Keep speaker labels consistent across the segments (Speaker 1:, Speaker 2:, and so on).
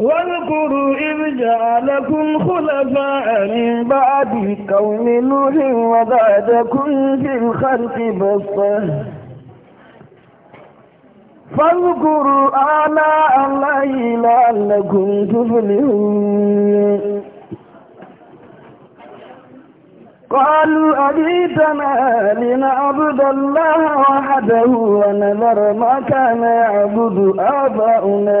Speaker 1: واذكروا إذ جعلكم خلفاء من بعد قوم نوح وزادكم في الخلق بسطة فاذكروا آلاء اللَّهِ لعلكم تفلحون قالوا أبيتنا لنعبد الله وحده ونذر ما كان يعبد آباؤنا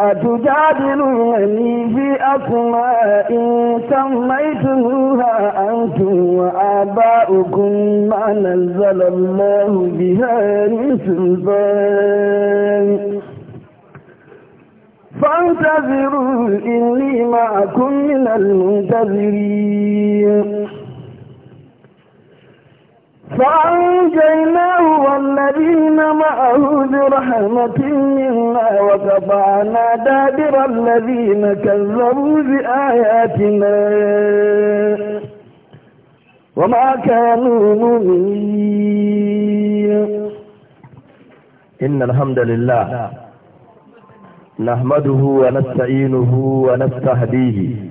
Speaker 1: أتجادلونني في أسماء سميتموها أنتم وآباؤكم ما نزل الله بها من سلطان فانتظروا إني معكم من المنتظرين فأنجيناه والذين معه برحمة منا وقطعنا دابر الذين كذبوا بآياتنا وما كانوا مؤمنين إن الحمد
Speaker 2: لله نحمده ونستعينه ونستهديه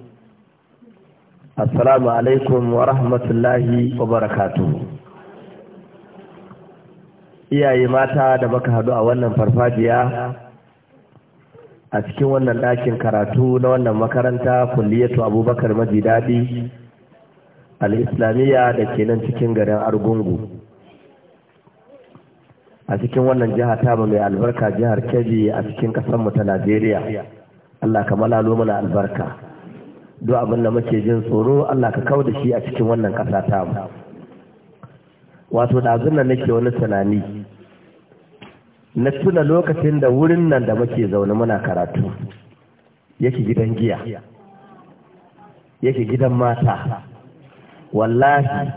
Speaker 2: assalamu alaikum wa rahmatullahi wa barakatu iyaye mata da baka hadu a wannan farfajiya a cikin wannan ɗakin karatu na wannan makaranta kulliyatu abubakar maji daɗi al'islamiyya da ke nan cikin garin argungu a cikin wannan jiha tamu mai albarka jihar kebbi a cikin ƙasarmu ta najeriya allah ka malalo mana albarka duk abin da muke jin tsoro Allah ka kau da shi a cikin wannan ƙasa ta mu wato ɗazun nan nake wani tunani na tuna lokacin da wurin nan da muke zaune muna karatu yake gidan giya yake gidan mata wallahi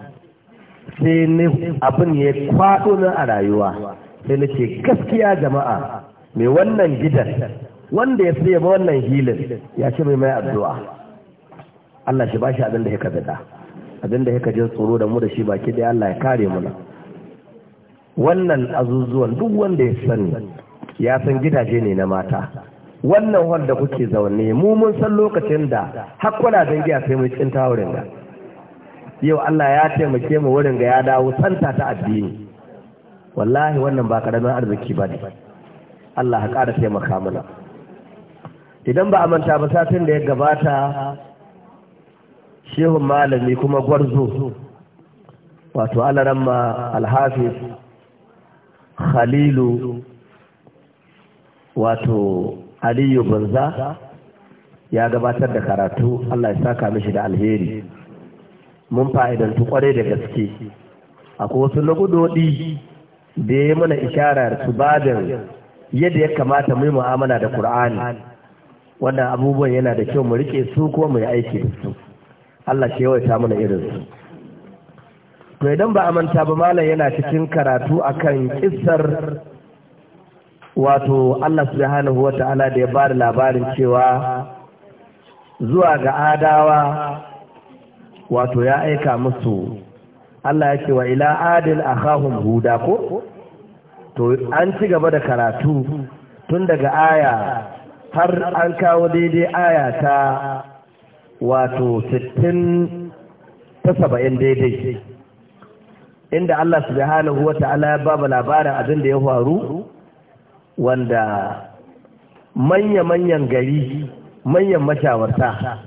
Speaker 2: sai ni abin ya kwaɗo na a rayuwa sai na ce gaskiya jama'a mai wannan gidan wanda ya sai wannan hilin ya ce mai mai addu'a Allah shi bashi abin da yake bada abin da tsoro da mu da shi baki da Allah ya kare mu wannan azuzuwan duk wanda ya sani ya san gidaje ne na mata wannan wanda kuke zaune mu mun san lokacin da hakkuna don giya sai mu cinta wurin ga yau Allah ya taimake mu wurin ga ya dawo santa ta addini wallahi wannan ba karamin arziki ba ne Allah ya ƙara taimaka mana idan ba a manta ba satin da ya gabata shehun malami kuma gwarzo wato alaramma alhafiz khalilu wato aliyu banza ya gabatar da karatu allah ya saka mishi da alheri mun fa'idantu kwarai da gaske akwai wasu lagudodi da ya mana isharar su babin yadda ya kamata mu yi mu'amala da ƙur'ani, wannan abubuwan yana da kyau mu rike su ko mu yi aiki da su Allah shi yawaita mana irin to idan ba a manta ba malam yana cikin karatu akan kissar wato Allah subhanahu ta'ala da ya ba da labarin cewa zuwa ga adawa wato ya aika musu Allah ya ce wa ila adil akhahum huda ko to an ci gaba da karatu tun daga aya har an kawo daidai aya ta wato 60 ta 70 daidai inda Allah subhanahu wata'ala ya baba labarin abin da ya faru wanda manya-manyan gari manyan mashawarta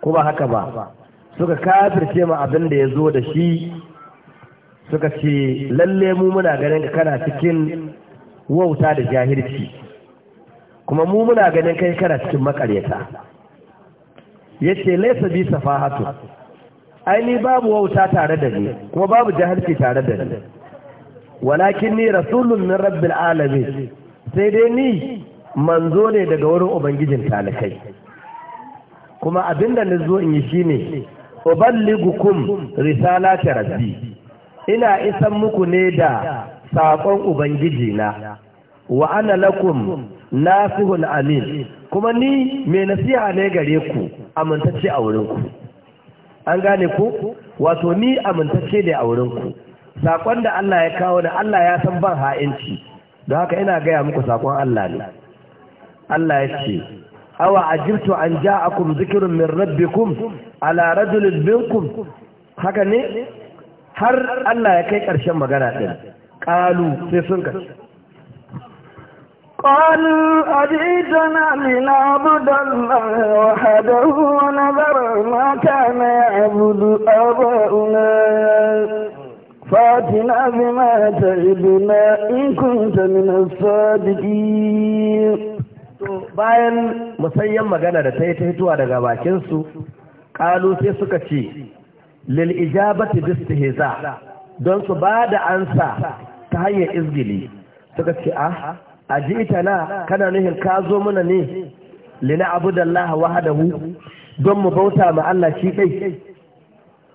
Speaker 2: kuma haka ba suka kafirce ma abin da ya zo da shi suka ce lalle mu muna ganin kana cikin wauta da jahilci kuma mu muna ganin kai kana cikin makaryata yace laisa bi safahatu ai ni babu wauta tare da ni kuma babu jahilci tare da ni walakin ni rasulun min rabbil alamin sai dai ni manzo ne daga wurin ubangijin talakai kuma abinda na zo in yi shine uballigukum risalati rabbi ina isan muku ne da saƙon ubangiji na wa ana lakum nasihul amin kuma ni mai nasiha ne gare ku amintacce a wurin an gane ku wato ni amintacce ne a wurin ku sakon da Allah ya kawo da Allah ya san ban ha'inci don haka ina gaya muku sakon Allah ne Allah ya ce awa ajibtu an ja'akum zikirun min rabbikum ala rajulin minkum haka ne har Allah ya kai ƙarshen magana ɗin ƙalu sai sun kace
Speaker 1: قالوا أجئتنا لنعبد الله وحده ونذر ما كان يعبد آباؤنا فاتنا بما تعدنا إن كنت من الصادقين bayan musayyan magana da ta yi ta hituwa daga bakinsu
Speaker 2: ƙalusai sai suka ce lil ijabati bistihza don su ba da ansa ta hanyar izgili suka ce ah a ji ita na kana nuhin ka zo mana ne lina abudallaha wahadahu don mu bauta ma Allah shi kai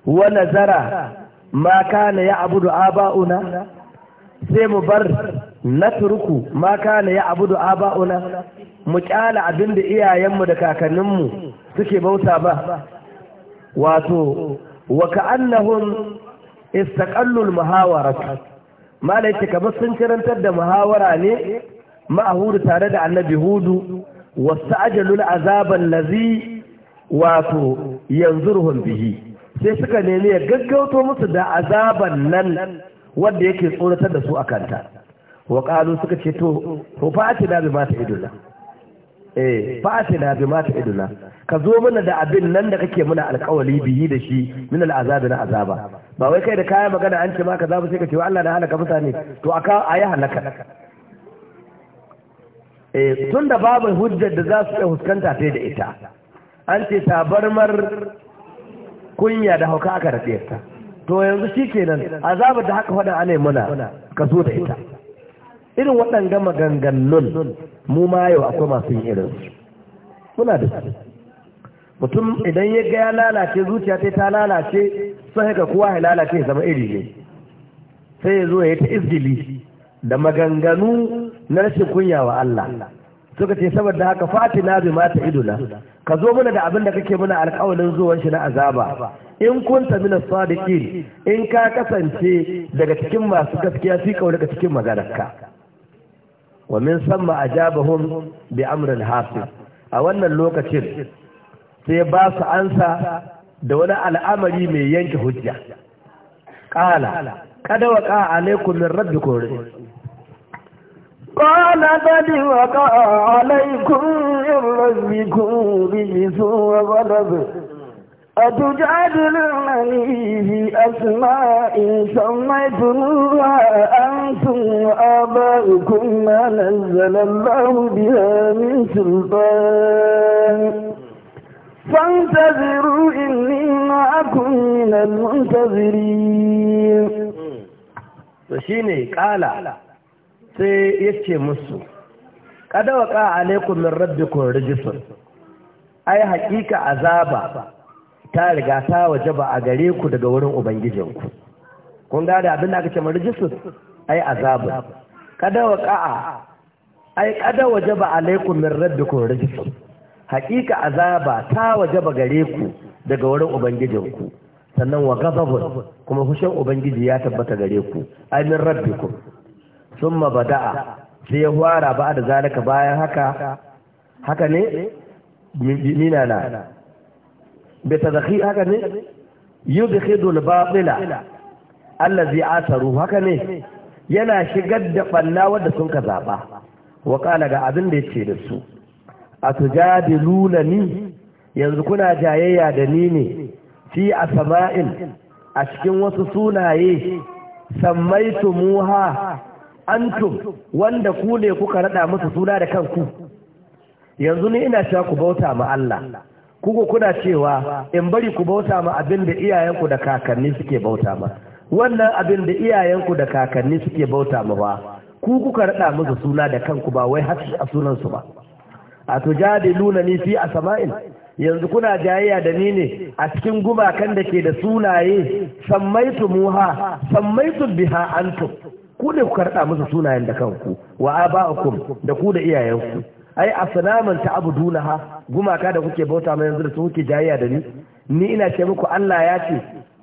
Speaker 2: wa nazara ma kana ya abudu aba'una sai mu bar na turku ma kana ya abudu aba'una mu kyala abin da iyayenmu da kakanninmu suke bauta ba wato wa ka'annahum istaqallul muhawarat malai kamar sun karantar da muhawara ne ma'ahudu tare da annabi hudu wasu ajalul azaban lazi wato yanzu ruhun bihi sai suka nemi ya gaggauto musu da azaban nan wanda yake tsoratar da su a kanta wa ƙalu suka ce to ko fa'ati na bi mata idula eh fa'ati na bi mata idula ka zo mana da abin nan da kake muna alƙawali bihi da shi min al'azabi na azaba ba wai kai da kaya magana an ce ma ka ba sai ka ce Allah na halaka mutane to aka ayi halaka Eh, tun da babu hujjar da za su iya huskanta sai da ita an ce tabarmar kunya da hauka aka rafe ta to yanzu shi kenan azabar da haka faɗin ana muna ka zo da ita irin waɗanga maganganun mu ma yau akwai masu yin irin muna da su mutum idan ya ga ya lalace zuciya ta ta lalace sun haka kowa ya lalace ya zama iri ne sai ya zo ya yi ta izgili da maganganu na rashin kunya wa Allah suka ce saboda haka Fati na bi mata iduna ka zo mana da abin da kake mana alƙawarin zuwan shi na azaba in kunta min as-sadiqin in ka kasance daga cikin masu gaskiya fi kaura daga cikin maganarka wa min samma ajabahum bi amrin hasib a wannan lokacin sai ba su ansa da wani al'amari mai yanke hujja qala
Speaker 1: kada waqa alaikum min rabbikum قال بل وقع عليكم من ربكم رجس وغلب أتجادلونني في أسماء سميتموها أنتم وآباؤكم ما نزل الله بها من سلطان فانتظروا إني معكم من المنتظرين
Speaker 2: وشيني قال sai ya ce musu kada ka alaikun min kun rijisun ai hakika azaba ta riga ta waje ba a gare ku daga wurin ubangijinku kun gada abin da aka ce rijisun ai azaba kada ka ai kada ba alaikun min rabbikum rijisun hakika azaba ta ba gare ku daga wurin ubangijinku sannan wa gababun kuma fushin ubangiji ya tabbata gare ku ai min rabbikum summa bada'a sai ya fara ba da zalika bayan haka haka ne mina na ta zaki haka ne yudkhidu al allah zai asaru haka ne yana shigar da ɓanna wadda sun ka zaɓa wa qala ga abin da ya ce da su a ni yanzu kuna jayayya da ni ne fi sama'in a cikin wasu sunaye muha antum wanda ku ne kuka rada musu suna da kanku yanzu ni ina cewa ku bauta ma Allah kuko kuna cewa in bari ku bauta ma abin da iyayenku da kakanni suke bauta ma wannan abin da iyayenku da kakanni suke bauta ma ba ku kuka rada musu suna da kanku ba wai haske a sunan su ba a jadiluna ni fi asma'in yanzu kuna jayayya da ni ne a cikin gumakan da ke da sunaye sammaitu muha sammaitu biha antum ku ne ku karɗa musu sunayen da kanku wa aba'akum da ku da iyayenku ai asnaman ta'budunaha gumaka da kuke bauta mai yanzu da su kuke jayayya da ni ni ina ce muku Allah ya ce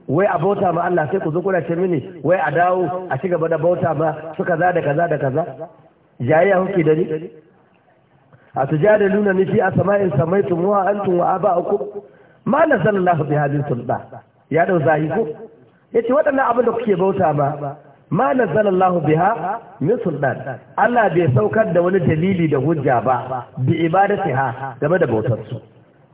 Speaker 2: wai a bauta ma Allah sai ku zo kuna ce mini wai a dawo a ci gaba da bauta ma su kaza da kaza da kaza jayayya kuke da ni a tujadaluna ni fi asma'in samaitumuha antum wa aba'akum ma nazalallahu bi hadhihi sulta ya dau zahi ko yace waɗannan abin da kuke bauta ma ma nazzalallahu biha min sultan Allah bai saukar da wani dalili da hujja ba bi ibadatiha game da bautar su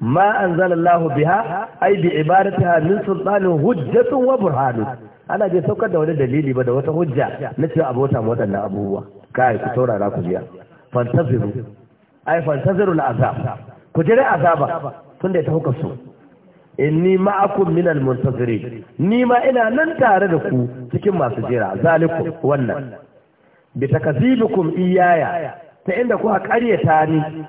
Speaker 2: ma anzalallahu biha ai bi ibadatiha min sultanin hujjatun wa burhanun Allah bai saukar da wani dalili ba da wata hujja na cewa abota waɗannan abubuwa kai ku taurara ku biya fantaziru ai fantaziru al azab ku jira azaba tunda ya tahuka su inni ma'akum minal muntazirin ni ma ina nan tare da ku cikin masu jira zaliku, wannan bi takazibukum iyaya ta inda ku ƙaryata ni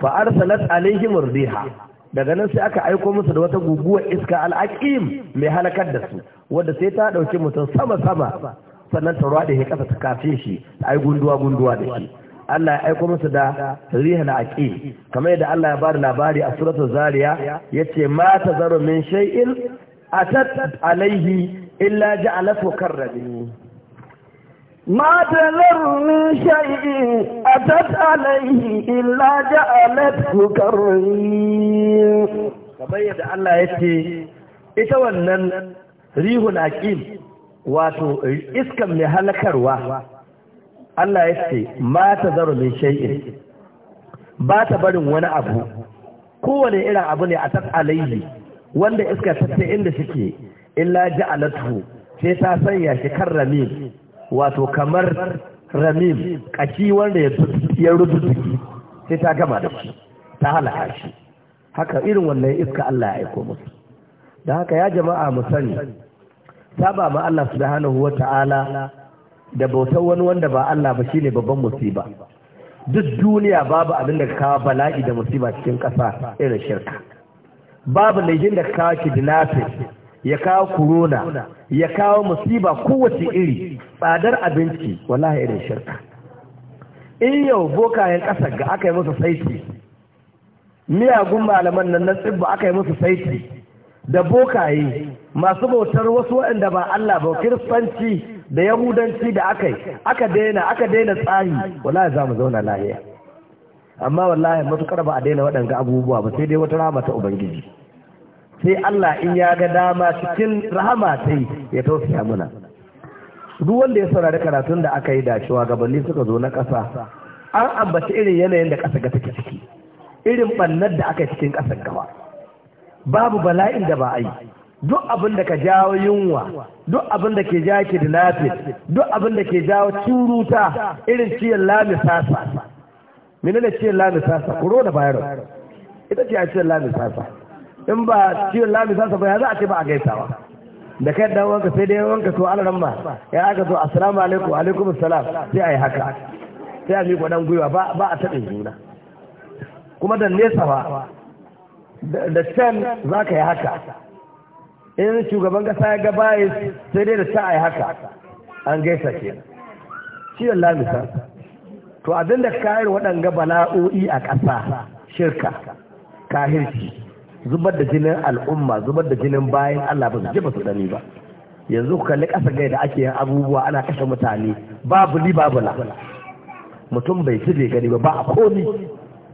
Speaker 2: fa arsalat alaihim riha daga nan sai aka aiko musu da wata guguwar iska al'aqim mai halakar da su wanda sai ta dauki mutum sama sama sannan ta rade shi kasa ta kafe shi ai gunduwa gunduwa da shi Allah ya aiko musu da rihal aqi kamar yadda Allah ya ba da labari a suratul zariya yace ma tazaru min shay'in atat alaihi illa ja'alathu
Speaker 1: karrabi ما تذر من شيء أتت عليه إلا جعلته كالريم
Speaker 2: kamar yadda Allah ya ce
Speaker 1: ita wannan rihun aqim
Speaker 2: wato iskan mai halakarwa Allah ya ce ma ta zaro min shay'in ba ta barin wani abu kowane irin abu ne a alaihi wanda iska ta inda shike illa ja'alathu sai ta sanya shi kan ramim wato kamar ramim kaci wanda ya rubutu sai ta gama da shi ta halaka shi haka irin wannan iska Allah ya aiko musu da haka ya jama'a mu sani saba ma Allah subhanahu wata'ala da bautar wani wanda ba Allah ba shine babban musiba duk duniya babu abin da kawo bala'i da musiba cikin ƙasa irin shirka babu laifin da kawo kidnapping ya kawo corona ya kawo musiba kowace iri tsadar abinci wallahi irin shirka in yau bokayen ƙasar ga aka yi musu saiti miyagun malaman nan na tsibba aka yi musu saiti da bokaye masu bautar wasu waɗanda ba Allah ba kiristanci da yahudanci da aka yi aka daina aka daina tsari wallahi za mu zauna lahiya amma wallahi matukar ba a daina waɗanga abubuwa ba sai dai wata rahama ta ubangiji sai Allah in ya ga dama cikin rahama ta ya tausaya mana duk wanda ya saurari karatun da aka yi da shugabanni suka zo na ƙasa an ambaci irin yanayin da ƙasa ga take ciki irin ɓannar da aka yi cikin ƙasar gaba babu bala'in da ba a yi duk abin da ka jawo yunwa duk abin da ke jawo kidnapping duk abin da ke jawo turuta irin ciyar lamisasa mene ne ciyar kuro da bayarwa ita ce a ciyar sasa in ba ciyar sasa ba ya za a ce ba a gaisawa da kai dan wanka sai dai wanka to alaran ma ya aka zo assalamu alaikum wa alaikum assalam sai a yi haka sai a mi dan gwiwa ba a taɓin juna kuma da nesa ba da can za ka yi haka in shugaban kasa ya ga baya sai dai da ta a yi haka an gaisa ke shi Allah lamisa to abin da kayar waɗanga bala'o'i a ƙasa shirka kahirci zubar da jinin al'umma zubar da jinin bayan Allah ba su ji su dani ba yanzu ku kalli ƙasa gai da ake yin abubuwa ana kashe mutane babu li babu la mutum bai ci bai gani ba ba a komi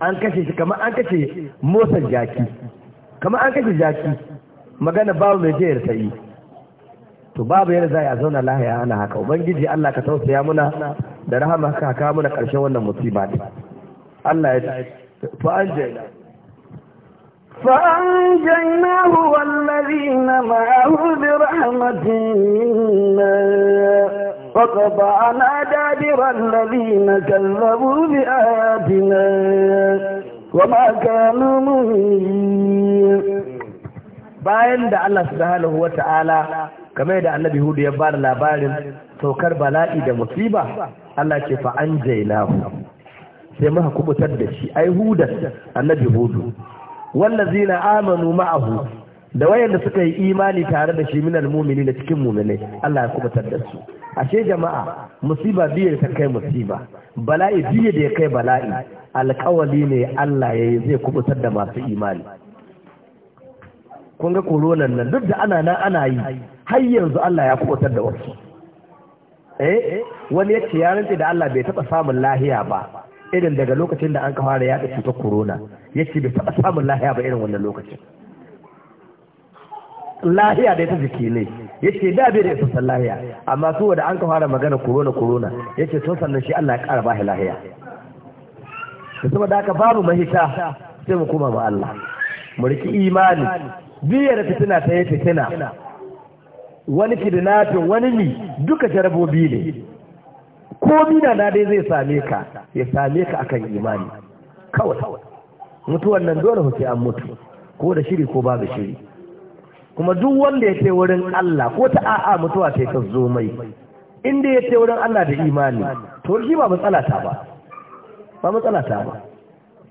Speaker 2: an kashe shi kamar an kashe motsa jaki kamar an kashe jaki magana babu mai jayar yi to babu yana za a zauna lahaya ana haka ubangiji Allah ka tausaya muna da rahama ka kawo muna karshen wannan musiba ne Allah ya an fa'anjaina
Speaker 1: فأنجيناه والذين معه برحمة منا فقطعنا دابر الذين كذبوا بآياتنا وما كانوا مؤمنين
Speaker 2: bayan da Allah subhanahu Ta'ala kamar da annabi hudu ya bada labarin saukar bala'i da musiba Allah ce fa an jailahu sai muka kubutar da shi ai hudan annabi hudu wallazina amanu ma'ahu da wayanda suka yi imani tare da shi minal da cikin mu'minai Allah ya kubutar da su ashe jama'a musiba biye ta kai musiba bala'i biye da ya kai bala'i alkawali ne Allah ya yi zai kubutar da masu imani kun ga koronan nan duk da ana nan ana yi har yanzu Allah ya kubutar da wasu eh wani ya ce yaran da Allah bai taɓa samun lahiya ba irin daga lokacin da an ka fara yaɗa cutar corona ya ce bai taɓa samun lahiya ba irin wannan lokacin lahiya da ta jiki ne yace da bai da isassan lahiya amma su an ka fara magana corona corona yace to sannan shi Allah ya kara ba shi lahiya to saboda haka babu mahita sai mu koma ma Allah mu riki imani da fitina ta yi fitina wani kidnapping wani ni duka jarabobi ne ko mina na dai zai same ka ya same ka akan imani kawai mutuwan nan dole sai an mutu ko da shiri ko babu shiri kuma duk wanda ya ce wurin Allah ko ta a'a mutuwa ce ta zo mai inda ya ce wurin Allah da imani to shi ba matsala ta ba ba matsala ta ba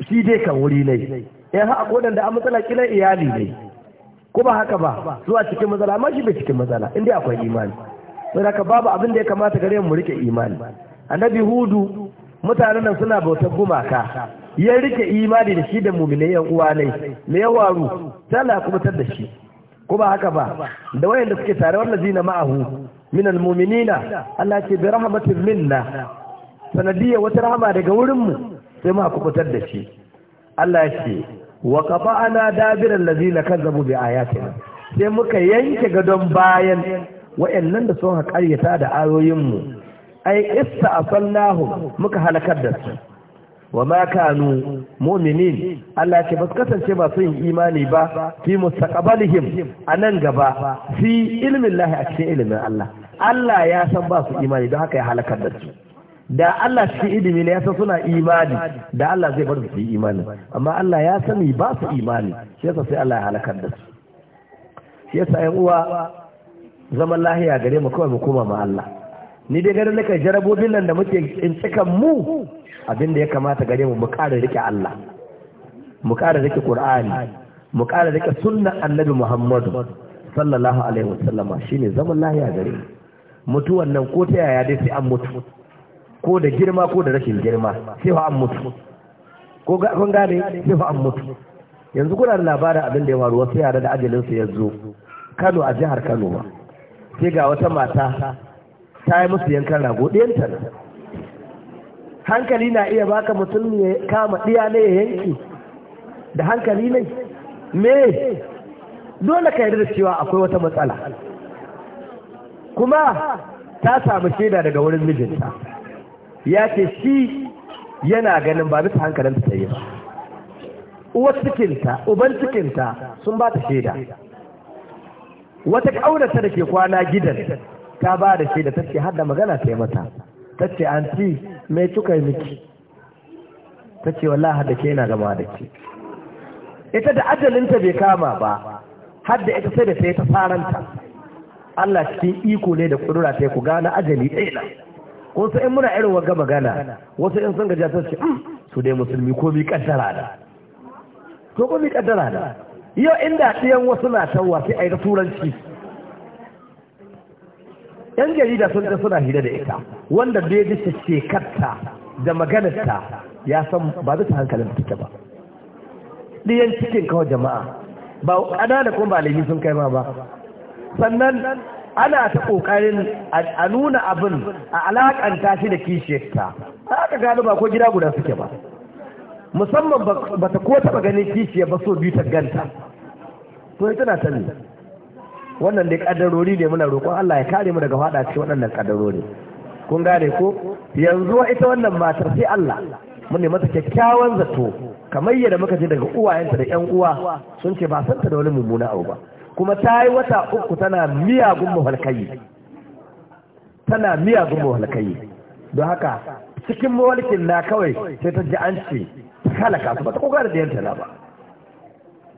Speaker 2: shi dai kan wuri ne eh ha dan da matsala kilan iyali ne ko ba haka ba zuwa cikin matsala amma shi bai cikin matsala inda akwai imani sai haka babu abin da ya kamata gare mu rike imani annabi hudu mutanen nan suna bautar gumaka ya rike imani da shi da mu'minai yan uwa ne me ya waru tana kuma kubutar da shi ko ba haka ba da wayanda suke tare zina ma'ahu min almu'minina Allah ce bi rahmatin minna sanadiyya wata rahama daga wurin mu sai mu kubutar da shi Allah ce wa qafa'ana dabira allazina kazzabu bi ayatina sai muka yanke gadon bayan wayannan da sun haƙaryata da ayoyin mu ai ista asallahu muka halakar da su wa ma kanu mu'minin Allah ce ba su kasance masu yin imani ba fi mustaqbalihim a nan gaba fi ilmin lahi a cikin ilimin Allah Allah ya san ba su imani don haka ya halaka da su da Allah cikin ilimi ne ya suna imani da Allah zai bar su yi imani amma Allah ya sani ba su imani shi yasa sai Allah ya halaka da su shi yasa ƴan uwa zaman lahiya gare mu kawai mu koma ma Allah ni dai garin naka jarabobin nan da muke tsincikan mu Abin da ya kamata gare mu mu ƙara rike Allah mu ƙara rike Qur'ani mu ƙara rike sunnar Annabi Muhammadu sallallahu alaihi wasallama shine zaman lahiya gare mu mutuwan nan ko ta yaya dai sai an mutu ko da girma ko da rashin girma sai fa an mutu ko ga kun gane sai fa an mutu yanzu kuna da labarin abin da ya faru wasu yara da ajalin su ya zo Kano a jihar Kano ba sai ga wata mata ta yi musu yankan rago ɗiyanta na hankali na iya baka mutum ya kama ɗiya ne ya yanki da hankali ne me dole ka yarda cewa akwai wata matsala kuma ta samu shaida daga wurin mijinta ya ce shi yana ganin ba bisa hankalinta ta yi ba uwar cikinta uban cikinta sun ba ta shaida wata ƙaunarta da ke kwana gidan ta ba da shi da tace har da magana ta yi mata tace anti me kika yi miki tace wallahi har da ke yana gama da ke ita da ajalinta bai kama ba har da ita sai da sai ta faranta Allah cikin iko ne da kudura ta ku gane ajali ɗaya ko sai in muna irin wagga magana wasu in sun gaja sun ce mm, su dai musulmi ko mi kaddara da to ko mi kaddara da yau inda ɗiyan wasu na tawa sai a yi turanci ɗan jarida sun ta suna hira da ita wanda bai bisa shekarta da maganarta ya san ba zai ta hankalin take ba ɗiyan cikin kawai jama'a ba ƙanana kuma ba sun kai ma ba sannan ana ta ƙoƙarin a nuna abin a alaƙanta shi da kishiyarta aka gano ba ko gida guda suke ba musamman ba ta ko taɓa ganin kishiyar ba so biyu ta ganta to ita na ta wannan dai kadarori ne muna roƙon Allah ya kare mu daga fada cikin waɗannan kadarori kun gane ko yanzu ita wannan matar sai Allah mun ne mata kyakkyawan zato kamar yadda muka ji daga uwayenta da ƴan uwa sun ce ba san ta da wani mummuna abu ba kuma ta yi wata uku tana miyagun muhalkayi tana miyagun muhalkayi don haka cikin mawalkin na kawai sai ta ji an ce halaka su ba ta kokarin da yanta na ba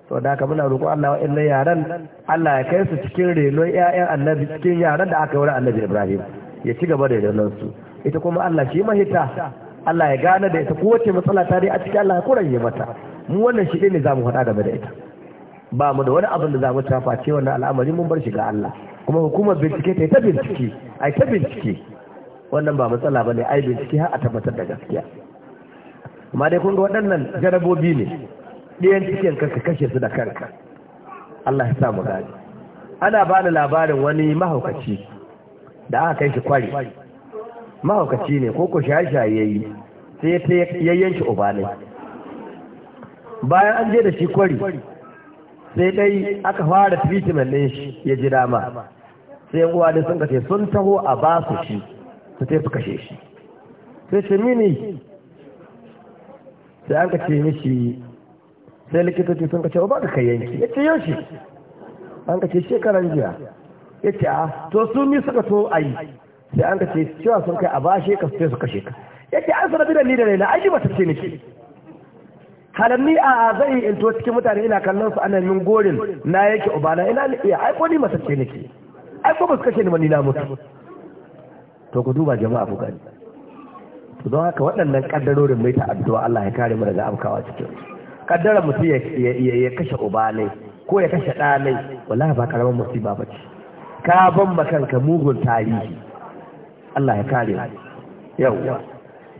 Speaker 2: to da haka muna roƙon Allah wa'annan yaran Allah ya kai su cikin renon ƴaƴan annabi cikin yaran da aka yi wa annabi Ibrahim ya ci gaba da renon su ita kuma Allah shi mahita Allah ya gane da ita kowace matsala ta dai a cikin Allah ya kuranye mata mu wannan shi ne zamu faɗa game da ita ba mu da wani abin da za zamu tafa ce wannan al'amari mun bar shi ga Allah kuma hukumar bincike ta ta bincike ai ta bincike wannan ba matsala bane ai bincike har a tabbatar da gaskiya amma dai kun ga waɗannan jarabobi ne ɗayan cikin kanka kashe su da kanka Allah ya sa mu gani ana ba da labarin wani mahaukaci da aka kai shi kwari mahaukaci ne ko ko shaye-shaye yi sai ta yayyan shi bayan an je da shi kwari sai dai aka fara treatment ɗin shi ya ji dama sai yan uwa sun kace sun taho a ba su shi su tafi kashe shi sai ce mini sai an kace mishi sai likitoci sun kace oh, ba ka kai yanki yace yaushe an kace shekaran jiya yace a ah, to su mi suka so ayi sai an kace cewa sun kai a bashe ka sai su kashe ka yace an sanar da ni da laila ai ba ta ce niki halanni a zai in to cikin mutane ina kallon su ana min gorin na yake ubana ina ni iya ai ko ni ta ce niki ai ko ba su kashe ni ba ni na mutu to ku duba jama'a ku gani to don haka waɗannan kaddarorin mai ta addu'a Allah ya kare mu daga amkawa cikin su kaddara mutum ya kashe uba ne ko ya kashe ɗa ne wallahi ba karamin musiba ba ce ka ban makanka mugun tarihi Allah ya kare yau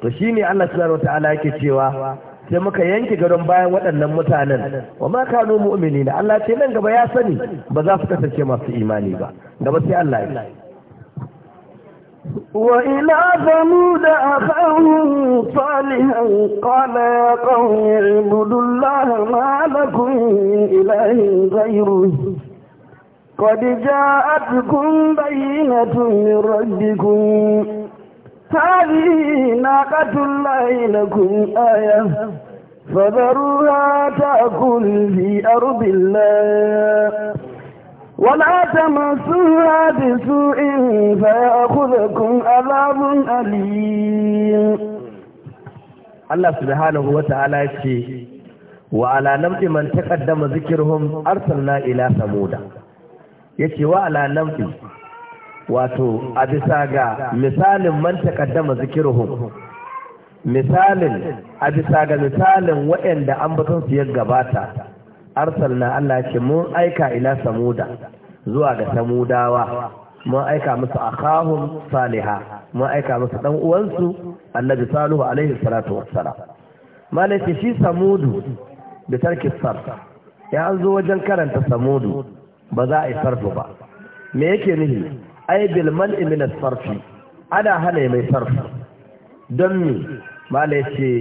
Speaker 2: to shi ne Allah subhanahu wataala yake cewa sai muka yanke gadon bayan waɗannan mutanen wa ma kanu mu'minina Allah ce nan gaba ya sani ba za su kasance masu imani ba gaba sai Allah ya
Speaker 1: وإلى ثمود أخاهم صالحا قال يا قوم اعبدوا الله ما لكم من إله غيره قد جاءتكم بينة من ربكم هذه ناقة الله لكم آية فذروها تأكل في أرض الله ولا تمسوا بسوء فيأخذكم عذاب أليم الله
Speaker 2: سبحانه وتعالى يقول وعلى نمت من تقدم ذكرهم أرسلنا إلى ثمود يقول وعلى نمت واتو a مثال من تقدم ذكرهم مثال zikiruhum مثال وإن bisa ga misalin na Allah ce mun aika ila samuda zuwa ga samudawa mun aika musu akahum saliha mun aika musu dan uwansu annabi salihu alaihi salatu wassalam malaka shi samudu da tarki sarf ya an zo wajen karanta samudu ba za a yi sarfu ba me yake nufi ai bil man'i min sarfi ana hana mai sarfu don me malaka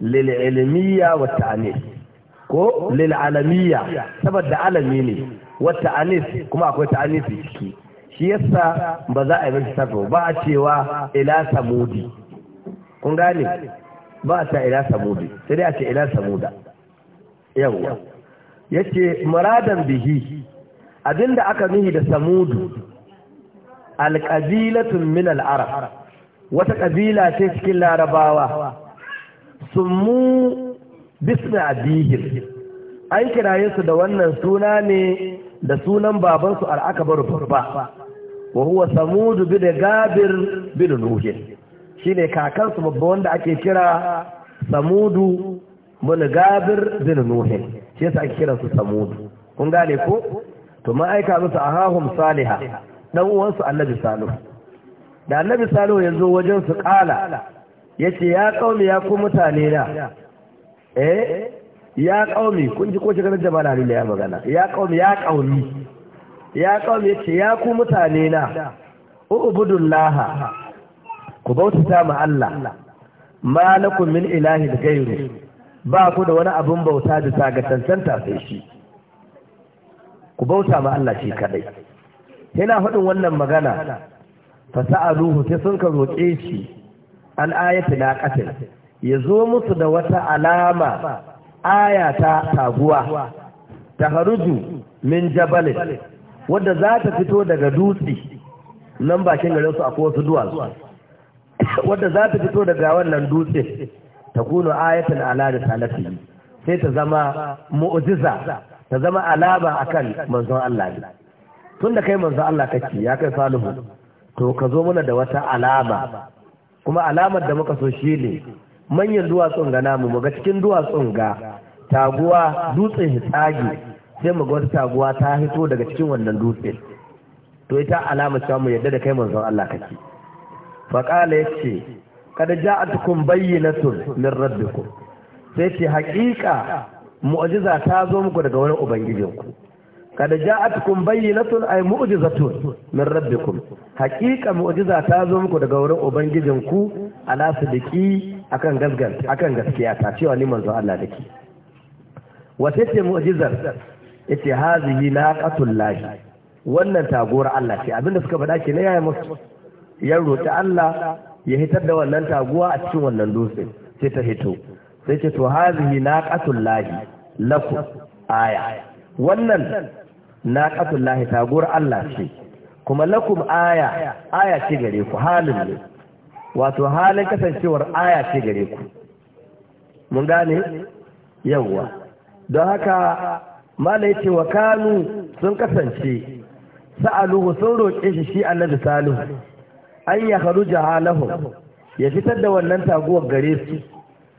Speaker 2: lil ilmiya wa ta'anis ko lil alamiya saboda alami ne wata anis kuma akwai ta anis ciki shi yasa ba za a yi mishi sako ba a cewa ila samudi kun gane ba a ta ila samudi sai dai a ce ila samuda yawwa yace muradan bihi abinda aka nuhi da samudu alqabilatun min al'arab wata kabila ce cikin larabawa mu. bisna bihim an kiraye su da wannan suna ne da sunan babansu al'akabar burba wa huwa samudu bi da gabir bi da nuhin shi ne kakansu babba wanda ake kira samudu bin gabir bin nuhin shi yasa ake kiransu samudu kun gane ko to ma aika musu ahahum saliha dan uwansu annabi salihu da annabi salihu yanzu wajen su kala yace ya kauni ya ku mutane na eh ya kaumi kun ji ko shigar da bala da ya magana ya kaumi ya kaumi ya kaumi ce ya ku mutane na ubudullaha ku bautata ma Allah ma lakum min da ghayru ba ku da wani abun bauta da ta ga tantanta sai shi ku bauta ma Allah shi kadai yana faɗin wannan magana fa sa'aluhu sai sun ka roƙe shi an ayati na qatil ya zo musu da wata alama aya ta taguwa ta haruju min jabale wadda za ta fito daga dutse nan bakin garinsu a wasu duwal wadda za ta fito daga wannan dutse ta kuno ayatan ala da salafi sai ta zama mu'jiza ta zama alama akan manzon Allah ne tun da kai manzon Allah kake ya kai salihu to ka zo mana da wata alama kuma alamar da muka so shi ne manyan duwatsun ga namu ga cikin duwatsun ga taguwa dutsen hitsage sai mu ga wata taguwa ta hito daga cikin wannan dutse to ita alama cewa mu yadda da kai manzon Allah kake fa qala yace kad ja'atukum bayyinatun min rabbikum sai ce haƙiƙa mu'jiza ta zo muku daga wurin ubangijinku kad ja'atukum bayyinatun ay mu'jizatun min rabbikum haqiqa mu'jiza ta zo muku daga wurin ubangijinku ala sadiqi akan gasgar akan gaskiya ta cewa ni manzo Allah dake wace ce mu'jizar yace hazihi laqatul lahi wannan tagora Allah ce abinda suka faɗa ke ne yaya musu ya roƙi Allah ya hitar da wannan taguwa a cikin wannan dutse sai ta hito sai ce to hazihi laqatul lahi lakum aya wannan laqatul lahi tagora Allah ce kuma lakum aya aya ce gare ku halin ne wato halin kasancewar aya ce gare ku mun gane yawwa don haka mala ce wa kanu sun kasance sa'aluhu sun roƙe shi shi annabi salihu an ya haru jahalahu ya fitar da wannan taguwar gare su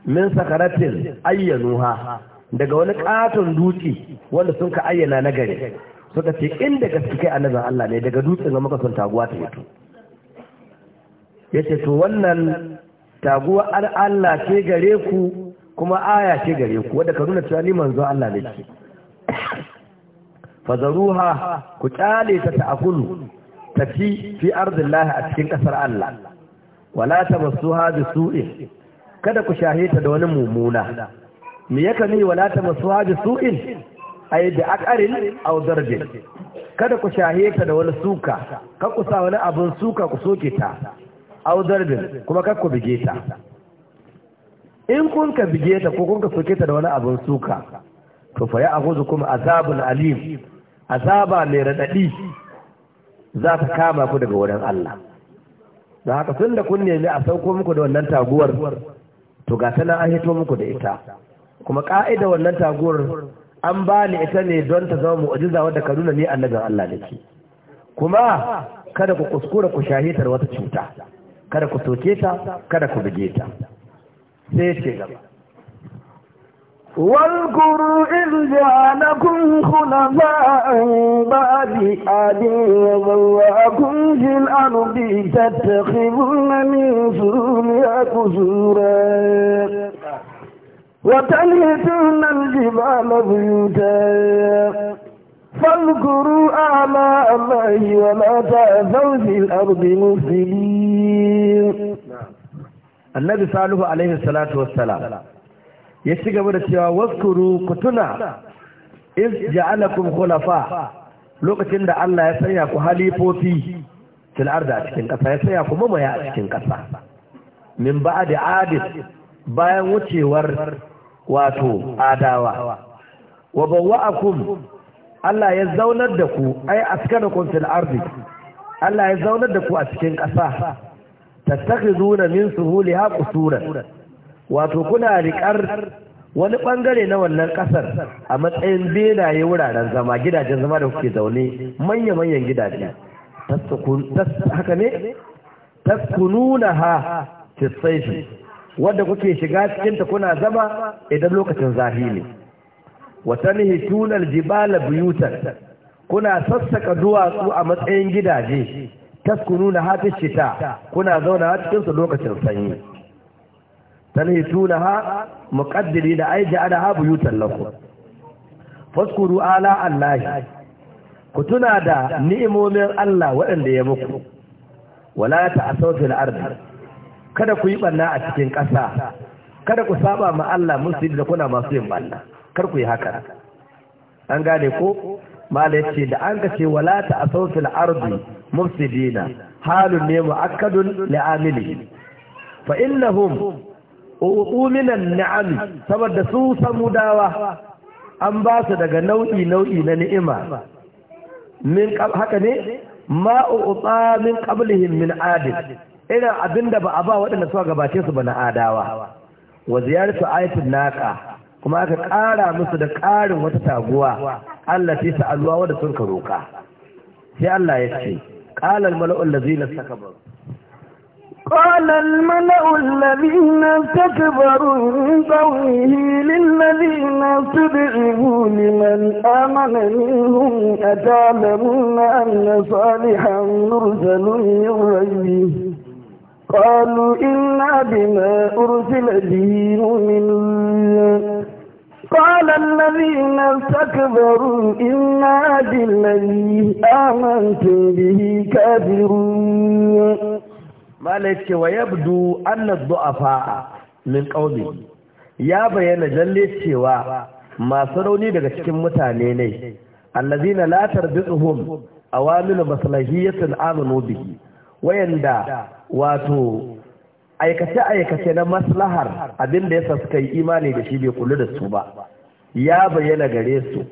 Speaker 2: min sakaratin ayyanuha daga wani katon dutse wanda sun ka ayyana na gare suka ce inda gaske kai annabin Allah ne daga dutsen da muka sun taguwa ta mutu ya ce to wannan taguwa Allah ce gare ku kuma aya ce gare ku wadda ka nuna cewa ni manzo Allah ne ce fazaruha ku kyale ta ta'akulu ta fi fi ardillahi a cikin ƙasar Allah wala ta masu haji su'in kada ku shahe ta da wani mummuna. me yaka ne wala tamassuha bi su'in ay a aqarin aw darbin kada ku shahe ta da wani suka ka ku sa wani abin suka ku soke ta Au darbin kuma kar ku bige ta in kun ka bige ta ko kun ka soke ta da wani abin suka to fa ya aguzu kuma azabun alim azaba mai radadi za ta kama ku daga wurin Allah da haka tun da kun nemi a sauko muku da wannan taguwar to ga tana an hito muku da ita kuma ka'ida wannan taguwar an ba ni ita ne don ta zama mu'ajiza wadda ka nuna ni annabin Allah nake kuma kada ku kuskura ku shahitar wata cuta kada ku soke ta kada ku buge ta sai ce gaba
Speaker 1: walguru iljana kun kula ba'an ba'adi adin yabawa kun jin arubi ta ta min su ya ku zura wata ne tunan jiba mabuta فاذكروا أعماء ya وما تأذوا في الأرض مفسدين
Speaker 2: النبي صالح عليه الصلاة والسلام يشتغل برسيوا واذكروا كتنا إذ جعلكم خلفاء lokacin da Allah ya sanya ku halifofi fil arda a cikin ƙasa ya sanya ku mamaya a cikin ƙasa min ba'di adid bayan wucewar wato adawa wa kun. Allah ya zaunar da ku ai kun fil ardi Allah ya zaunar da ku a cikin ƙasa tattakhizuna min suhuliha qusura wato kuna riƙar wani bangare na wannan ƙasar a matsayin benaye wuraren zama gidajen zama da kuke zaune manya-manyan gidaje haka ne taskununaha fi wadda kuke shiga cikinta kuna zama idan lokacin zafi ne watanhi tunal jibala buyutan kuna sassaka duwatsu a matsayin gidaje na hafi shita kuna zauna a cikinsu lokacin sanyi tanhituna ha muqaddiri da ai ana ha buyutan lakum faskuru ala allahi ku tuna da ni'imomin Allah waɗanda ya muku wala ta'asaw fil ardi kada ku yi banna a cikin ƙasa kada ku saba ma Allah musu da kuna masu yin banna kar ku yi haka an gane ko mala ce da an ga ce wala ta asau ardi mufsidina halun ne muakkadun li amili fa innahum uminan ni'am saboda su samudawa an ba su daga nau'i nau'i na ni'ima min haka ne ma uta min qablihim min adil ina abinda ba a ba waɗanda suka gabace su ba na adawa wa ziyaratu ayatul naqa kuma aka ƙara musu da ƙarin wata taguwa Allah ce sa'alwa wadda sun ka roƙa sai Allah ya ce ƙalar mala'ul lazina sakabar
Speaker 1: قال الملأ الذين استكبروا من قومه للذين استضعفوا لمن آمن منهم أتعلمون أن صالحا مرسل من ربه قالوا إنا بما أرسل به مؤمنون وقال الذين استكبروا إنا بالذي آمنتم به كافرون
Speaker 2: مالك ويبدو أن الضعفاء من قومه يا بيان جل cewa masu rauni daga cikin mutane ne allazina la tarbiquhum awamil maslahiyatin amanu biki, wayanda wato aikace-aikace na maslahar abinda da yasa suka imani da shi bai kula da su ba ya bayyana gare su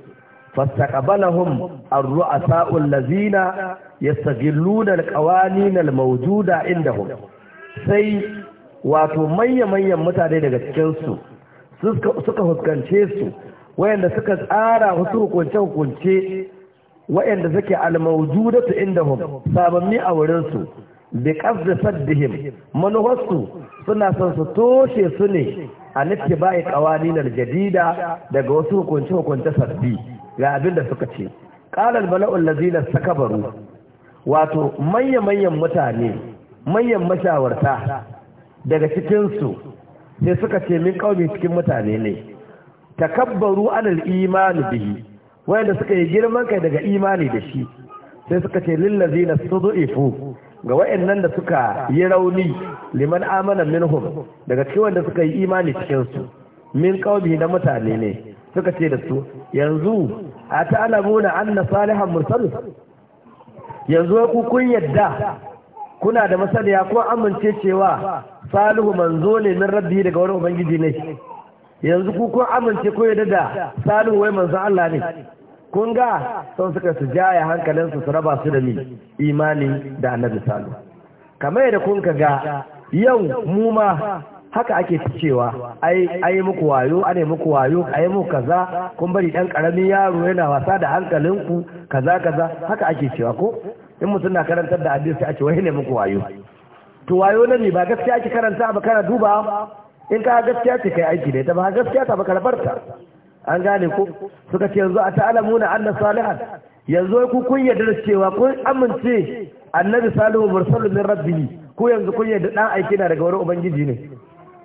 Speaker 2: fastaqbalahum ar-ru'asa'u allazina yastaghilluna al-qawanin al-mawjuda indahum sai wato manya-manyan mutane daga cikin su suka huskance su wayanda suka tsara wasu hukunce-hukunce wayanda suke al-mawjudatu indahum sabanni a wurin su bi da saddihim manuhasu suna son su toshe su ne a nufi bai qawaninar jadida daga wasu hukunce hukunce sabbi ga abin da suka ce qala al bala'u allazina sakabaru wato manya manyan mutane manyan mashawarta daga cikinsu, su sai suka ce min kaumi cikin mutane ne takabbaru anal imani bihi wanda suka yi girman kai daga imani da shi sai suka ce lillazina sudu'ifu ga wa'annan da suka yi rauni liman amana minhum daga cikin wanda suka yi imani cikinsu, su min qawmi da mutane ne suka ce da su yanzu a ta'lamuna anna salihan mursal yanzu ku kun yadda kuna da masaniya ko amince cewa salihu manzo ne min rabbi daga wani ubangiji ne yanzu ku kun amince ko yadda da salihu wai manzo Allah ne kun ga sun suka su jaya hankalinsu su raba su da ni imani da annabi salu kamar yadda kun ka ga yau mu ma haka ake cewa ai ai muku wayo ane muku wayo ai muku kaza kun bari dan karamin yaro yana wasa da hankalinku kaza kaza haka ake cewa ko in mutum na karantar da hadisi a ce wai ne muku wayo to wayo na ne ba gaskiya ake karanta ba kana duba in ka gaskiya ce kai aiki da ita ba gaskiya ta ba karbarta an gane ku suka ce yanzu a na anna salihan yanzu ku kun yadda da cewa kun amince annabi salihu mursalu min rabbihi ko yanzu kun yadda dan aiki na daga wurin ubangiji ne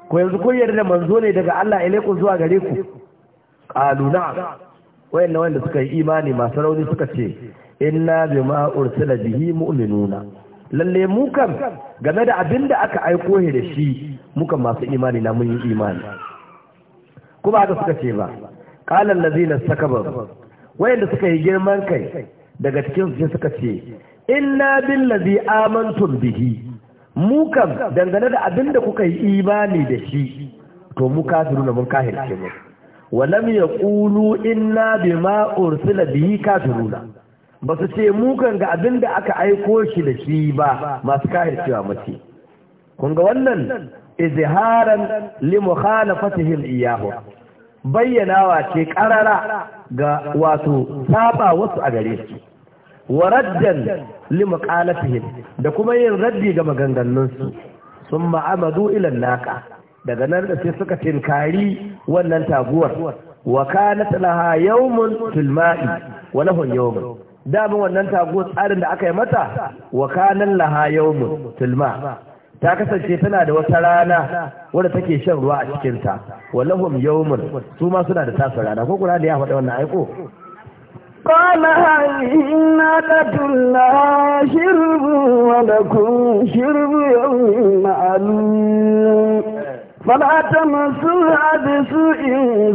Speaker 2: ko yanzu kun yadda da manzo ne daga Allah ilaikum zuwa gare ku qalu na'am wayannan wanda suka yi imani masu rauni suka ce inna bima ursila bihi mu'minuna lalle mu kan game da abinda aka aiko shi da shi muka masu imani na mun yi imani kuma haka suka ce ba zina suka ba wayanda suka yi girman kai daga cikin su suka ce inna billazi amantum bihi mu dangane da abinda kuka yi imani da shi to mu na mun kafirce mu lam yaqulu inna bima ursila bihi kafiruna ba su ce mukan ga abinda aka aiko shi da shi ba masu kahir cewa mace kun ga wannan izharan li mukhalafatihim iyahu bayyanawa ce ƙarara ga wato saba wasu a gare su wa raddan limuqalatihim da kuma yin raddi ga maganganunsu sun ma'amadu ilan naka daga nan da sai suka tinkari wannan taguwar wa kanat laha yawmun tulma'i wa lahum yawmun damin wannan taguwar tsarin da aka yi mata wa kanan laha yawmun tulma ta kasance tana da wata rana wadda take shan ruwa a cikinta walahum yawmun su ma suna da tasa rana ko kuna da ya faɗa wannan aiko na
Speaker 1: قال هذه ناقة لها شرب ولكم شرب يوم معلوم فلا تمسوها بسوء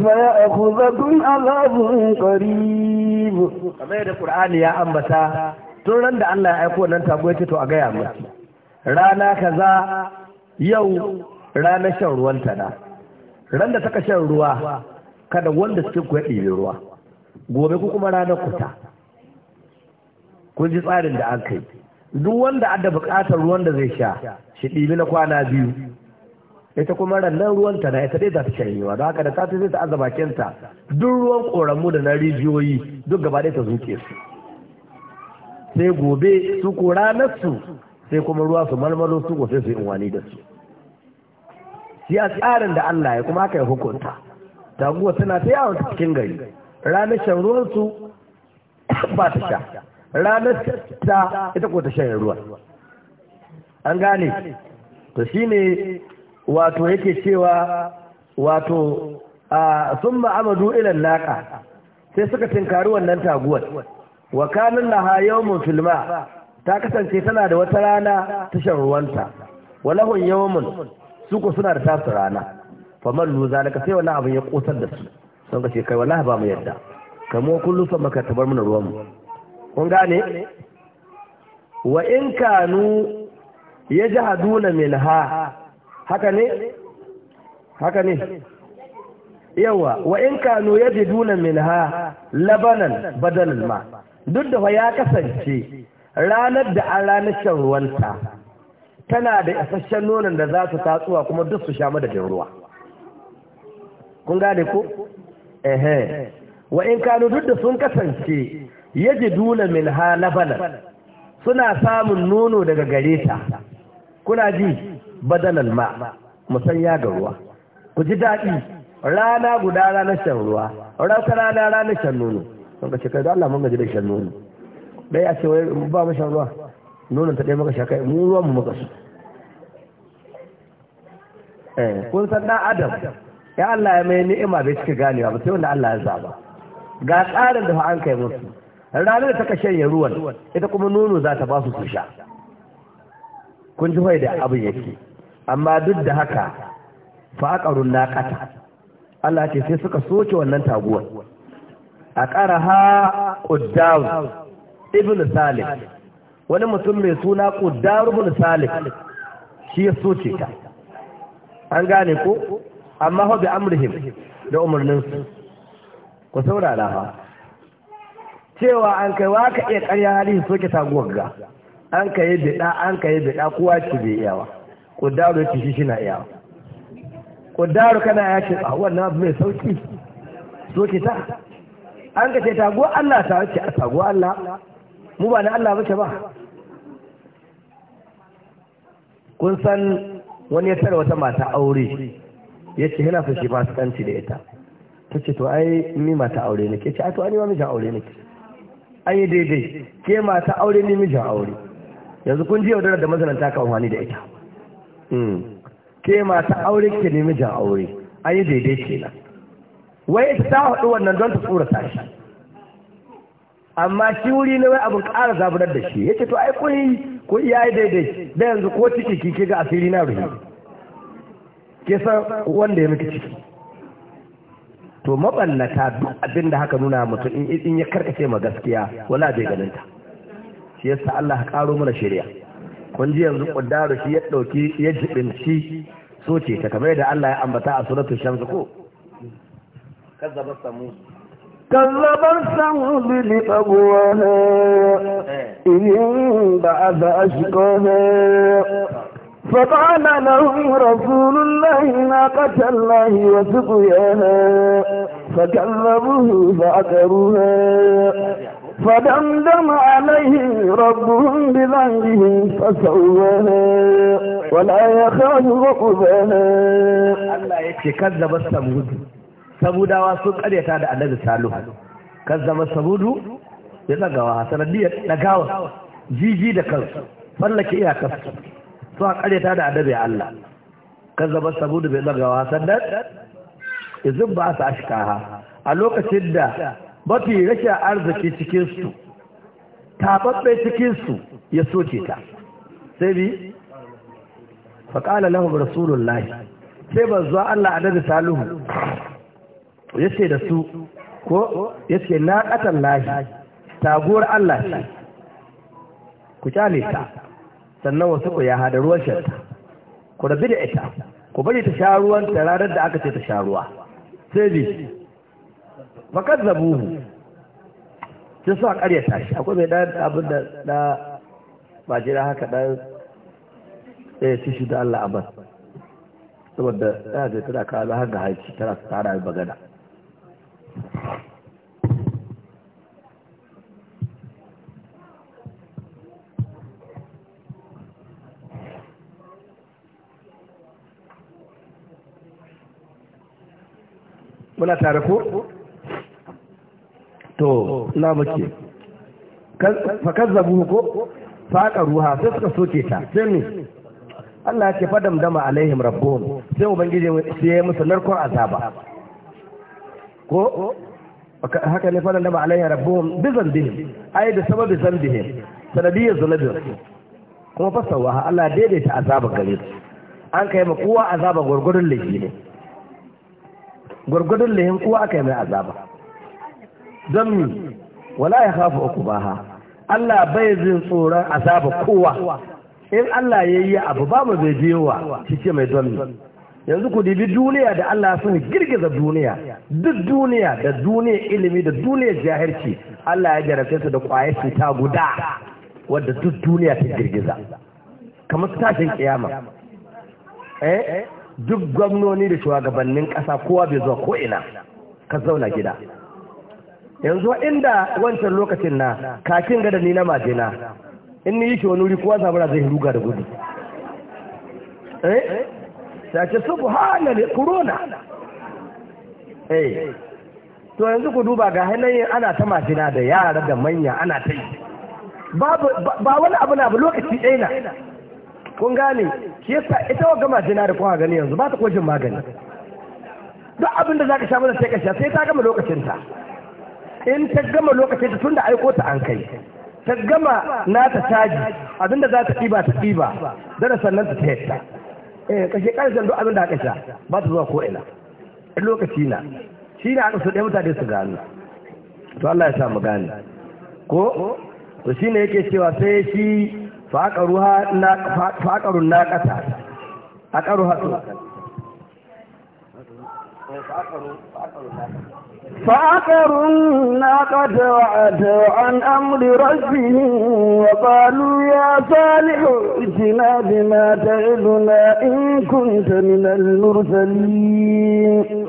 Speaker 1: فيأخذكم عذاب ƙaribu. kamar yadda
Speaker 2: Qur'ani ya ambata tun ran da Allah ya aiko nan tago yake to a gaya miki rana kaza yau rana shan ruwan tana ran da taka shan ruwa kada wanda suke ku ya ruwa gobe ku kuma ranar kuta kun tsarin da an kai duk wanda adda buƙatar ruwan da zai sha shi ɗibi na kwana biyu ita kuma rannan ruwan ta na ita dai za ta shanyewa don haka da ta zai ta aza bakinta duk ruwan ƙoramu da na rijiyoyi duk gaba ɗaya ta zuke su sai gobe su ko ranar su sai kuma ruwa su marmaro su ko sai su yi wani da su shi a tsarin da Allah ya kuma aka yi hukunta taguwa tana ta yawon cikin gari ranar shan ruwan su ba ta sha ranar ta ita ko ta shan ruwa an gane to ne wato yake cewa wato a sun ma'amadu ilan naka sai suka tinkari wannan taguwar wa kanin laha yawon filma ta kasance tana da wata rana tashar ruwanta walahun yawmun su ku suna da tasu rana faman luza daga sai wani abin ya kotar da su sun ka ce kai wala ba mu yadda kamo kullu fa maka tabar mana ruwan mu kun gane wa in kanu yajhaduna minha haka ne haka ne yawa wa in kanu Duna minha labanan badalan ma duk da ya kasance ranar da an ranar shan ruwanta tana da isasshen nonon da za su tatsuwa kuma duk su sha madadin ruwa kun gane ku? ehe wa in kanu duk da sun kasance yaji duna min ha labanan suna samun nono daga gare ta kuna ji badalan ma musanya ga ruwa ku ji daɗi rana guda ranar shan ruwa rana rana ranar shan nono sun ka ce kai da Allah mun gaji da shan nono ɗaya a ce wai ba mu shan ruwa nonon ta ɗaya maka shakai mu ruwa mu maka su eh, kun san ɗan adam ya Allah ya mai ni'ima bai cika ganewa ba sai wanda Allah ya zaba ga tsarin da an kai musu ranar da ta kashe ya ruwan ita kuma nono za ta ba su su sha kun ji da abin yake amma duk da haka faƙarun naƙata Allah ce sai suka soke wannan taguwar a ƙara ha ibn salih wani mutum mai suna kudar ibn salih shi ya soce ta an gane ko amma hobi amrihim da umarninsu ku saurara ha cewa an kai wa ka iya ƙarya halin soke taguwar ga an ka yi biɗa an ka yi biɗa kowa ce bai iyawa kudaru ya ce shi na iyawa kudaru kana ya ce a ah, wannan abu mai sauki soke ta an ka ce taguwar allah ta wace a ah, taguwar allah mu ba na Allah bace ba kun san wani ya tara wata mata aure ya ce yana fashe masu kanci da ita ta ce to ai ni mata aure nake ce a to ni ma mijin aure nake an yi daidai ke mata aure ni mijin aure yanzu kun ji yaudarar da mazinanta kan wani da ita hmm. ke mata aure ke ne mijin aure an yi daidai kenan wai ita ta haɗu wannan don ta tsura shi amma shi wuri na wai abin ƙara zaburar da shi yake to ai kun iya yi daidai da yanzu ko ciki kike ga asiri na ruhi ke san wanda ya miki ciki to maballata duk abin da haka nuna mutum in ya karkace ma gaskiya wala bai ganin ta shi yasa Allah ya karo mana shari'a kun ji yanzu kuddaro shi ya dauki ya jibinci so ce ta kamar da Allah ya ambata a suratul shamsu ko kazzaba samud
Speaker 1: كذب الثمود لأبواها إيه. إن بعد أشقاها فقال لهم رسول الله ناقة الله وسقياها فكذبوه فأكروها فدمدم عليهم ربهم بذنبهم فسواها ولا يخاف عقباها الله يكذب الثمود
Speaker 2: Sabudawa sun karyata da annabi kan zama sabudu ya dagawa sanadiyar gawa jiji da kansu fallake iyakarsu su a karyata da annabi Allah Kan zama sabudu bai dagawa sannan izin ba su ashkaha a lokacin da mafi rashin arziki cikinsu taɓaɓɓe cikinsu ya soke ta sai bi faƙala lahum rasulullahi sai ban zuwa Allah a da saluhu ya ce da su ko ya na ƙatan lahi taguwar Allah ce ku kyale ta sannan wasu ku ya hada ruwan shanta ku rabi da ita ku bari ta sha ruwan ta ranar da aka ce ta sha ruwa sai bi fakar zabuhu sai ƙarya ta shi akwai mai dan abin da na ba jira haka ɗan ɗaya eh, tishi da Allah a saboda da zai tana kawo har ga haiti tana su tara magana kuna tare ko to na muke fakar zabu ko ka ruha sai suka soke ta sai ne Allah ke ce fadam dama alaihim rabbuhum sai ubangiji sai ya musu narkon azaba ko haka ne fadam dama alaihim rabbuhum bi zambihim ai da sababi zambihim sanadiyyar zunubin kuma fasawa Allah daidaita azaba gare su an kai ma kowa azaba gurgurun laifi ne gwargwadon lahin kowa aka yi mai azaba don mi wala ya hafi uku baha Allah bai zin tsoron azaba kowa in Allah ya yi abu ba mu zai biyo wa cike mai don mi yanzu ku dibi duniya da Allah sun girgiza duniya duk duniya da duniya ilimi da duniya jahilci Allah ya jarabce su da su cuta guda wadda duk duniya ta girgiza kamar tashin kiyama eh duk gwamnoni da shugabannin ƙasa kowa bai zuwa ko'ina ka zauna gida yanzu inda wancan lokacin na kakin gada ni na majina in ni yake wani wuri kowa zabura zai ruga da gudu eh ta ce ne corona eh to yanzu ku duba ga hanayin ana ta majina da yara da manya ana ta yi ba wani abu na ba lokaci ɗaya kun gane shi yasa ita wa gama jina da kuma gani yanzu ba ta kojin magani duk abin da za ka sha mana sai ka sha sai ta gama lokacinta in ta gama lokacinta tun da aiko ta an kai ta gama na ta caji abin da za ta ɗiba ta ɗiba dana sannan ta tayarta eh kashe ƙarshen duk abinda aka sha ba ta zuwa ko ina in lokaci na shi ne aka so ɗaya mutane su gano to Allah ya sa mu gane ko to shi ne yake cewa sai shi faƙaruha na faƙarun na ƙasa
Speaker 1: الناقة وعتوا عن أمر ربهم وقالوا يا صالح ائتنا بما تعدنا إن كنت من المرسلين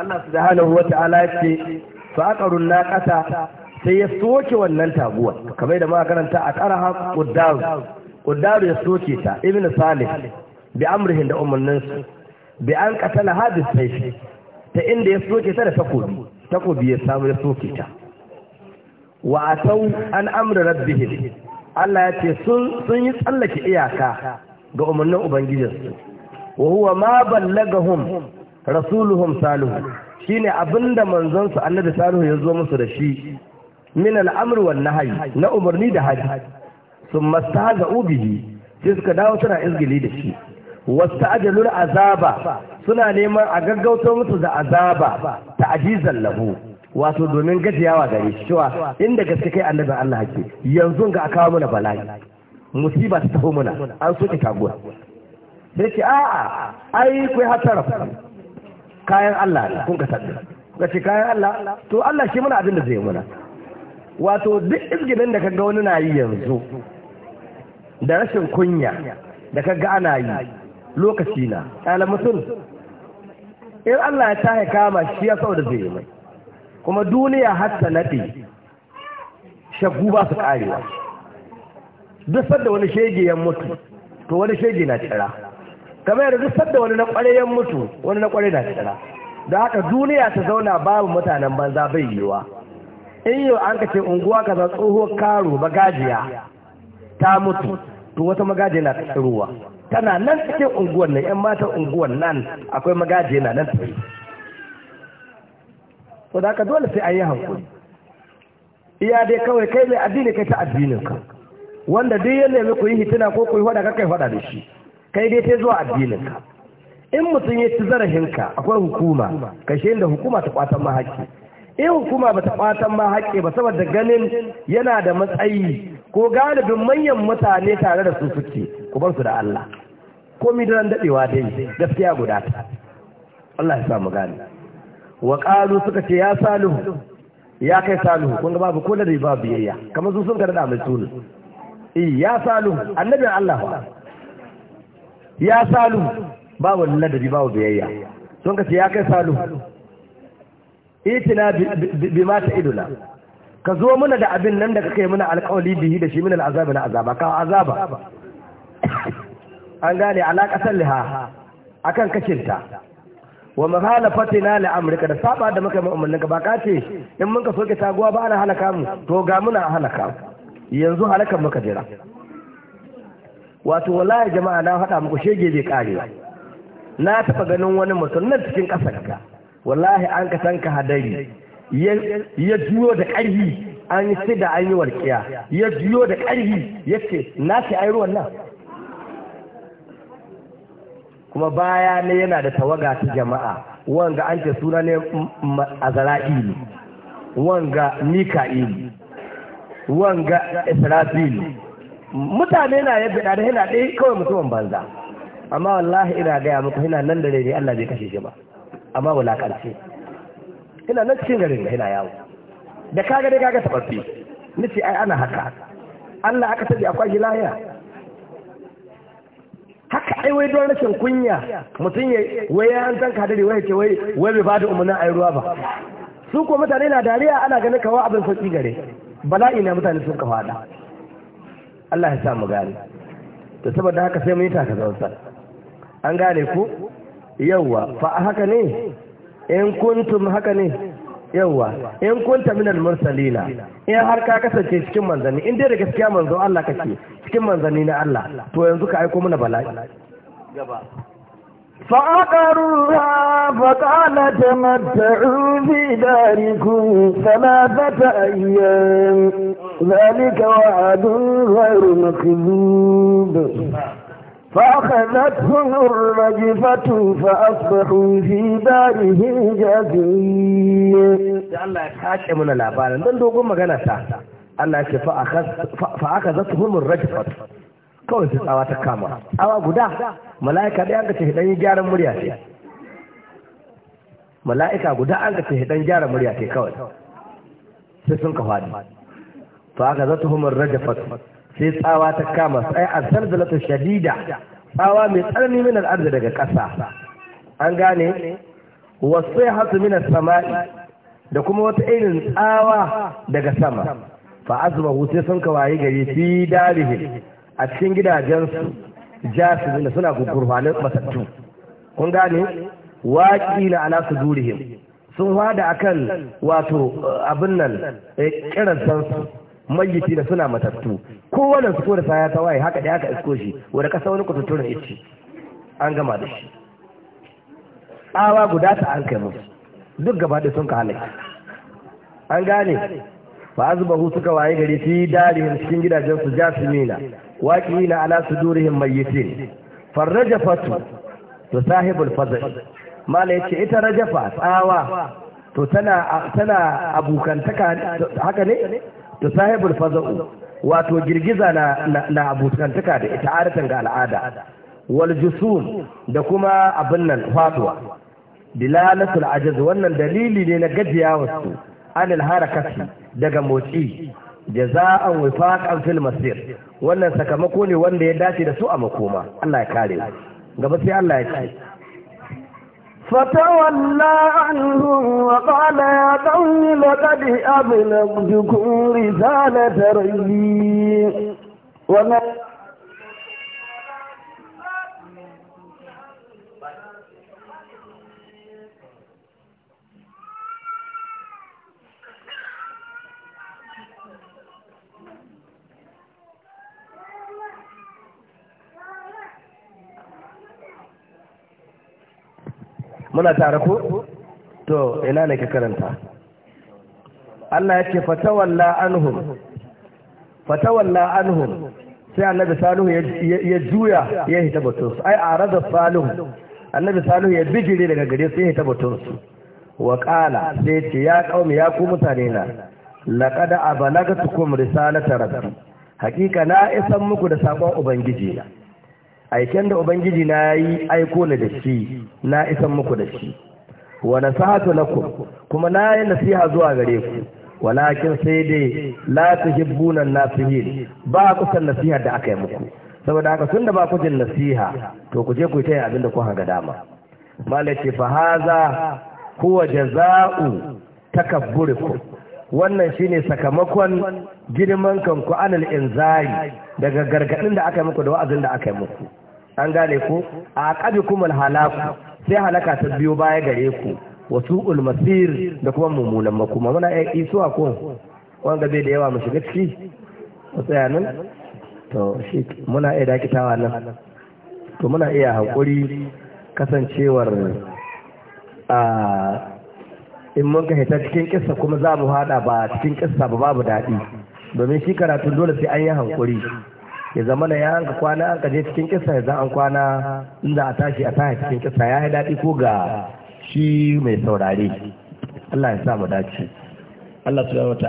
Speaker 2: الله سبحانه وتعالى
Speaker 1: فعقروا الناقة sai ya soke
Speaker 2: wannan taguwa kamar da muka karanta a karaha quddaru quddaru ya soke ta ibn salih bi amrihin da umarnin su bi an qatala hadis sayfi ta inda ya soke ta da takobi takobi ya samu ya soke ta wa atau an amri rabbihim Allah ya ce sun sun yi tsallake iyaka ga umarnin su wa huwa ma ballagahum rasuluhum salihu shine abinda manzon su annabi salihu ya zo musu da shi min al'amr wan nahyi na umarni da hadi thumma stahza'u bihi sai suka dawo suna izgili da shi wasta'jalul azaba suna neman a gaggauto musu da azaba ta'jizan lahu wato domin gajiyawa gare shi cewa inda gaske kai annabin Allah ke yanzu ga aka mana bala'i musiba ta taho mana. an soke kaguwa sai ce a'a ai kai hatara kayan Allah ne kun ka tabbata kace kayan Allah to Allah shi mana abin da zai mana. wato duk izginin da kaga wani na yi yanzu da rashin kunya da kaga ana yi lokaci na ƙala mutum in Allah ya ta kama shi ya sau da zai mai kuma duniya hatta naɗe shagu ba su ƙarewa duk sadda wani shege ya mutu to wani shege na cira kamar yadda duk sadda wani na ƙware ya mutu wani na ƙware na cira da haka duniya ta zauna babu mutanen banza bai yiwa in yau an kace unguwa kaza tsohuwar karo magajiya ta mutu to wata magajiya na tsiruwa tana nan cikin unguwan nan yan matan unguwan nan akwai magajiya na nan tsaye to da ka dole sai an yi hankali iya dai kawai kai mai addini kai ta addinin ka wanda duk ya nemi ku yi hitina ko ku yi hada ka kai hada da shi kai dai ta zuwa addinin ka in mutum ya ci ka akwai hukuma kashe inda hukuma ta kwatan mahaki in hukuma ba ta fatan ma haƙƙi ba saboda ganin yana da matsayi ko galibin manyan mutane tare da su suke ku bar su da Allah mi da daɗewa dai gaskiya guda ta Allah ya samu gane wa qalu suka ce ya salihu ya kai salihu kun ga babu ko da babu biyayya kamar su sun ga da mai eh ya salihu annabin Allah ya salihu babu ladabi babu biyayya sun ka ce ya kai salihu itina bi ma ta idula ka zo muna da abin nan da kake muna alƙawali bihi da shi min al'azabi na azaba ka azaba an gane alaƙatar liha akan kacinta wa mahalafatina li amrika da saba da muka umarnin ka ba ka ce in mun ka soke taguwa ba ana halaka mu to ga muna halaka yanzu halakan muka jira wato wallahi jama'a na faɗa muku shege bai kare na taɓa ganin wani mutum nan cikin ƙasar ka wallahi an ka san ka hadari ya juyo da ƙarfi an yi sida an yi warkiya ya juyo da ƙarfi ya ce na ce ai ruwan nan kuma baya ne yana da tawaga ta jama'a wanga an ce suna ne azara'ili wanga mika'ili wanga israfili mutane na yadda da hina ɗaya kawai mutumin banza amma wallahi ina gaya muku hina nan da rere Allah bai kashe shi ba amma wulaƙance. ina nan cikin garin da ina yawo da kaga dai kaga tababbi nace ai ana haka Allah aka tabi akwai gilaya. haka ai wai don rashin kunya mutum ya wai an san kadari wai ce wai wai bai bada umarnin ai ruwa ba su ko mutane na dariya ana ganin kawo abin sauki gare bala'i na mutane sun kafa da Allah ya sa mu gane to saboda haka sai mun yi taka zaunsa an gane ku yawwa fa haka ne in kuntum haka ne yawwa in kunta min al mursalina in har ka kasance cikin manzanni in dai da gaskiya manzo Allah kake cikin manzanni na Allah to yanzu ka aiko mana bala'i
Speaker 1: gaba فعقروها فقال تمتعوا في داركم ثلاثة أيام ذلك وعد غير مكذوب فأخذتهم الرجفة فأصبحوا في دارهم
Speaker 2: جاثمين الله يكاشي من العبارة من دوقون مغانا Allah ce fa'aka za su hulmin rajifat kawai su tsawa ta kama awa guda mala'ika ɗaya ga ce ɗan gyaran murya ce mala'ika guda an ga ce ɗan gyaran murya ce kawai sai sun ka faɗi fa'aka za su hulmin rajifat sai tsawa ta kama sai a sarzalata shadida tsawa mai tsanani min al'arzi daga ƙasa an gane wasu ya hatsu min sama'i da kuma wata irin tsawa daga sama fa azuma sai sun kawaye gari fi dalihi a cikin gidajensu jasu suna gurfanin masattu. kun gane waƙi na ala durihim sun wada akan wato eh, abin nan eh, kiransansu mayyaci da suna matattu Kowanne su ko da saya ta waye haka da aka isko shi wani kasa wani kututturin ice an gama da shi tsawa guda ta an kai musu duk gaba da sun ka halaki an gane Ba a zuba hutu ka waye gari fi darihin cikin gidajen su jasimina na ala mayyaci Farraja fatu, to sahibul fazl mala ce ita rajafa tsawa to tana abokantaka haka ne ta sahibul faza'u wato girgiza na na abutantaka da ita aratan ga al'ada wal jusum da kuma abin nan faduwa dilalatul ajaz wannan dalili ne na gajiya wasu, anil harakati daga motsi jaza'an wifaqan fil masir wannan sakamako ne wanda ya dace da su a makoma Allah ya
Speaker 1: kare gaba sai Allah ya ci فتولى عنهم وقال يا قوم لقد أبلغتكم رسالة ربي وما
Speaker 2: muna tare ko to ina ne ka karanta Allah ya ce fatawalla anhum fatawalla anhum sai annabi salihu ya juya ya hita batun su ai arada salihu annabi salihu ya bijire daga gare su ya hita batun su wa qala sai ce ya qaumi ya ku mutane na laqad abalagtukum risalata rabbi hakika na isan muku da sakon ubangiji na aiken da ubangiji na yi aiko ni da shi na isan muku da shi wa na lakum kuma na yi nasiha zuwa gare ku walakin sai dai la tuhibbuna nasihin ba ku san nasiha da aka yi muku saboda haka tunda ba ku jin nasiha to ku je ku ta yin abin da ku hanga dama malaki fa haza huwa jaza'u takabburikum wannan shine sakamakon girman kanku anal inzari daga gargadin da aka yi muku da wa'azin da aka yi muku an gane ku a ƙabi kuma halaku sai halaka ta biyo baya gare ku wasu ulmasir da kuma mummunan makuma muna iya isuwa ko wanda bai da yawa mu shiga ciki mu tsaya nan to shi muna iya dakitawa nan to muna iya haƙuri kasancewar a in mun ka hita cikin kissa kuma za mu hada ba cikin kissa ba babu daɗi domin shi karatu dole sai an yi hankuri ya zama na ya hanka kwana an ka je cikin kisa ya za an kwana inda a tashi a tashi cikin kisa ya yi daɗi ko ga shi mai saurare Allah ya sa mu dace Allah wata